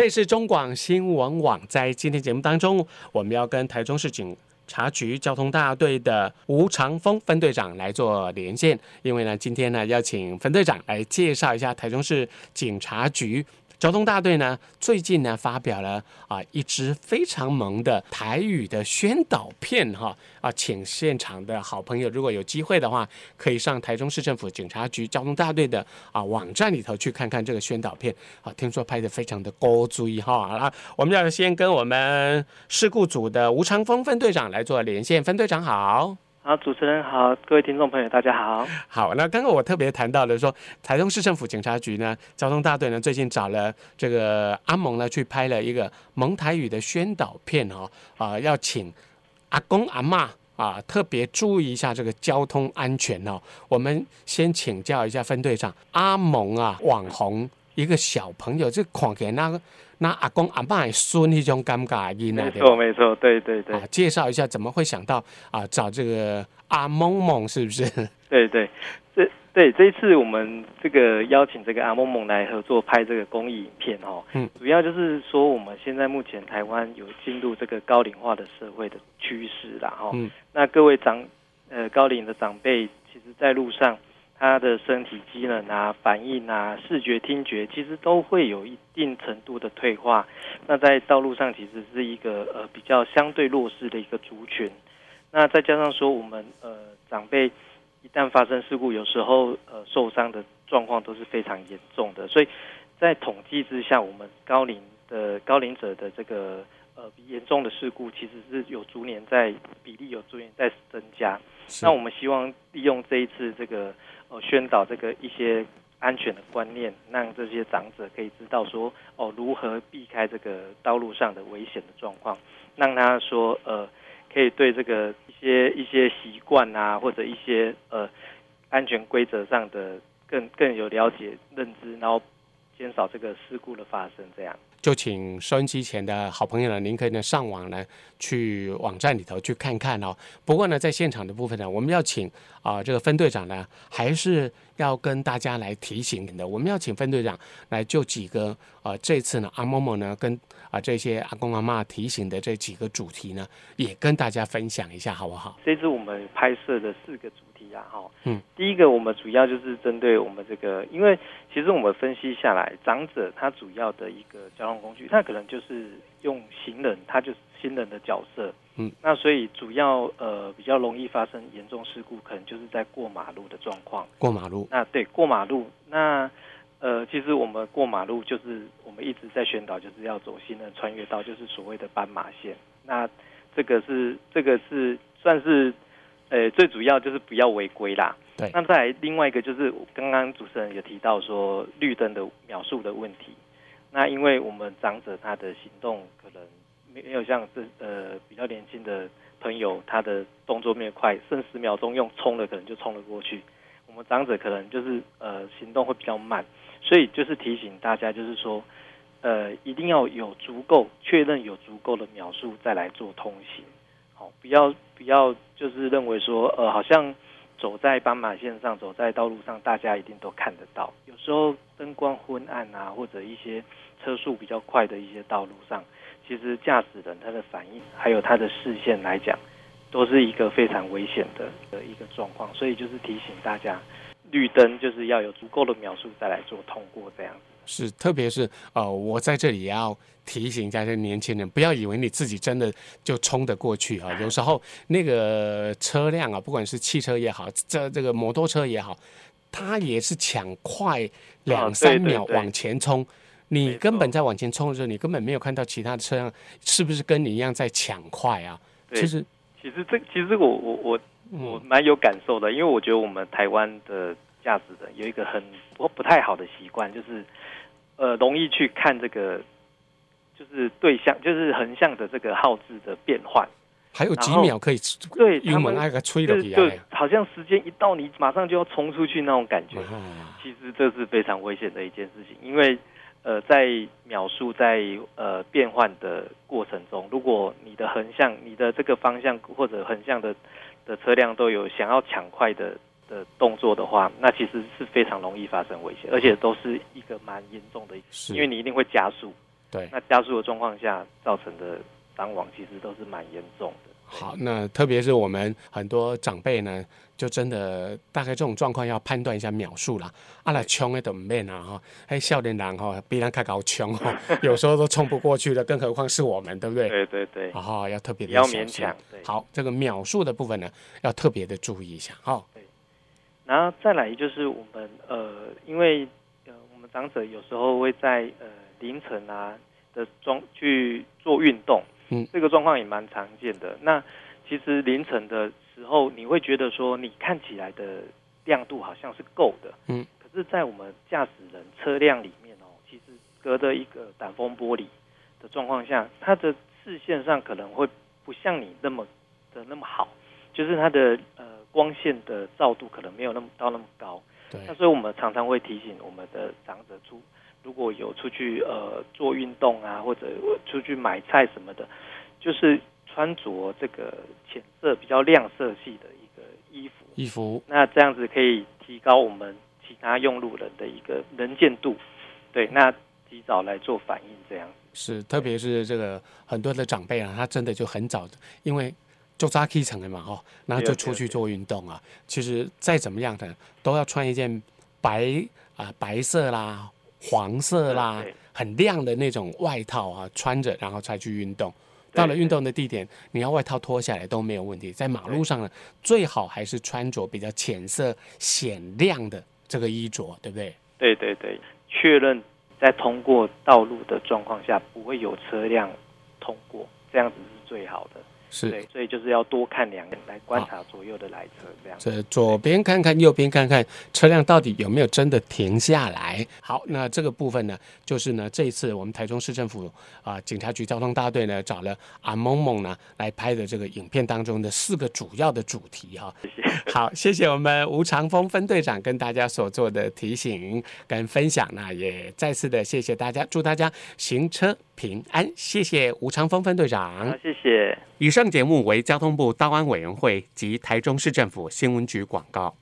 這是中廣新聞網，在今天節目當中，我們要跟台中市警察局交通大隊的吳長峰分隊長來做連線，因為呢，今天呢，要請分隊長來介紹一下台中市警察局。交通大隊呢，最近呢發表了啊一支非常萌的台語的宣導片哈啊，請現場的好朋友，如果有機會的話，可以上台中市政府警察局交通大隊的啊網站裡頭去看看這個宣導片啊，聽說拍得非常的古錐哈啊，我們要先跟我們事故組的吳長峰分隊長來做連線，分隊長好。好，主持人好，各位聽眾朋友，大家好。好，那剛剛我特別談到了說，台中市政府警察局呢，交通大隊呢，最近找了這個阿蒙呢，去拍了一個蒙台語的宣導片哦，啊、呃，要請阿公阿嬤啊、呃，特別注意一下這個交通安全哦。我們先請教一下分隊長阿蒙啊，網紅。一個小朋友就看給那個那阿公阿伯孫那種尷尬因啊，沒錯沒錯，對對對、啊，介紹一下怎麼會想到啊找這個阿蒙蒙是不是？對對，這對這一次我們這個邀請這個阿蒙蒙來合作拍這個公益影片哦，嗯，主要就是說我們現在目前台灣有進入這個高齡化的社會的趨勢啦、哦，哈，嗯，那各位長呃高齡的長輩，其實在路上。他的身體機能啊、反應啊、視覺、聽覺，其實都會有一定程度的退化。那在道路上，其實是一個呃比較相對弱勢的一個族群。那再加上說，我們呃長輩一旦發生事故，有時候呃受傷的狀況都是非常嚴重的。所以在統計之下，我們高齡的高齡者的這個呃嚴重的事故，其實是有逐年在比例有逐年在增加。是那我們希望利用這一次這個。哦，宣導這個一些安全的觀念，讓這些長者可以知道說，哦，如何避開這個道路上的危險的狀況，讓他說，呃，可以對這個一些一些習慣啊，或者一些呃安全規則上的更更有了解認知，然後減少這個事故的發生，這樣。就請收音機前的好朋友呢，您可以呢上網呢去網站裡頭去看看哦。不過呢，在現場的部分呢，我們要請啊、呃、這個分隊長呢，還是要跟大家來提醒的。我們要請分隊長來就幾個呃，這次呢阿嬤嬤呢跟啊、呃、這些阿公阿嬤提醒的這幾個主題呢，也跟大家分享一下，好不好？這是我們拍攝的四個主題。啊，哈，嗯，第一個我們主要就是針對我們這個，因為其實我們分析下來，長者他主要的一個交通工具，他可能就是用行人，他就是行人的角色，嗯，那所以主要呃比較容易發生嚴重事故，可能就是在過馬路的狀況。過馬路？那對，過馬路。那呃，其實我們過馬路就是我們一直在宣導，就是要走行人穿越道，就是所謂的斑馬線。那這個是這個是算是。呃，最主要就是不要違規啦。對，那再來另外一個就是，剛剛主持人也提到說綠燈的秒數的問題。那因為我們長者他的行動可能沒有像這呃比較年輕的朋友，他的動作沒有快，剩十秒鐘用衝的可能就衝了過去。我們長者可能就是呃行動會比較慢，所以就是提醒大家就是說，呃一定要有足夠確認有足夠的秒數再來做通行。不要，不要、哦，比較比較就是認為說，呃，好像走在斑馬線上，走在道路上，大家一定都看得到。有時候燈光昏暗啊，或者一些車速比較快的一些道路上，其實駕駛人他的反應，還有他的視線來講，都是一個非常危險的的一個狀況。所以就是提醒大家，綠燈就是要有足夠的秒數再來做通過，這樣子。是，特別是呃，我在這裡也要提醒一下這年輕人，不要以為你自己真的就衝得過去啊！有時候那個車輛啊，不管是汽車也好，這這個摩托車也好，它也是搶快兩三秒往前衝。啊、對對對，你根本在往前衝的時候，沒錯、你根本沒有看到其他的車輛是不是跟你一樣在搶快啊？對、其實，其實這其實我我我我蠻有感受的，嗯、因為我覺得我們台灣的，駕駛的有一個很不不太好的習慣，就是，呃，容易去看這個，就是對象，就是橫向的這個號志的變換，還有幾秒可以後對，他們那個催的。就就好像時間一到，你馬上就要衝出去那種感覺。啊、其實這是非常危險的一件事情，因為呃，在秒數在呃變換的過程中，如果你的橫向、你的這個方向或者橫向的的車輛都有想要搶快的。的動作的話，那其實是非常容易發生危險，而且都是一個蠻嚴重的，是因為你一定會加速，對，那加速的狀況下造成的傷亡其實都是蠻嚴重的。好，那特別是我們很多長輩呢，就真的大概這種狀況要判斷一下秒數啦啊拉衝的都唔面啊哈，還、哦、少年郎哈、哦、比人開高衝哈， 有時候都衝不過去的，更何況是我們，對不對？對對對，然後、哦、要特別的小心。不要勉強。好，這個秒數的部分呢，要特別的注意一下，哈、哦。然後再來就是我們呃，因為呃，我們長者有時候會在呃凌晨啊的中去做運動，嗯，這個狀況也蠻常見的。那其實凌晨的時候，你會覺得說你看起來的亮度好像是夠的，嗯，可是，在我們駕駛人車輛裡面哦，其實隔着一個擋風玻璃的狀況下，他的視線上可能會不像你那麼的那麼好，就是他的呃。光線的照度可能沒有那麼到那麼高，對那所以我們常常會提醒我們的長者出，如果有出去呃做運動啊，或者出去買菜什麼的，就是穿着這個淺色、比較亮色系的一個衣服。衣服，那這樣子可以提高我們其他用路人的一個能見度，對，那提早來做反應，這樣是，對特別是這個很多的長輩啊，他真的就很早，因為。做扎氣層的嘛，吼、哦，然後就出去做運動啊。對對對其實再怎麼樣的，都要穿一件白啊、呃、白色啦、黃色啦、對對很亮的那種外套啊，穿着然後才去運動。對對到了運動的地點，對對你要外套脫下來都沒有問題。在馬路上呢，對最好還是穿着比較淺色、顯亮的這個衣着，對不對？對對對，確認在通過道路的狀況下不會有車輛通過，這樣子是最好的。是對，所以就是要多看兩個來觀察左右的來車，好這樣子。是左邊看看，對右邊看看，車輛到底有沒有真的停下來？好，那這個部分呢，就是呢，這一次我們台中市政府啊、呃、警察局交通大隊呢找了阿蒙蒙呢來拍的這個影片當中的四個主要的主題哈、啊。謝謝。好，謝謝我們吳長峰分隊長跟大家所做的提醒跟分享那、啊、也再次的謝謝大家，祝大家行車。平安，謝謝吳長峰分隊長。好，啊，謝謝。以上節目為交通部道安委員會及台中市政府新聞局廣告。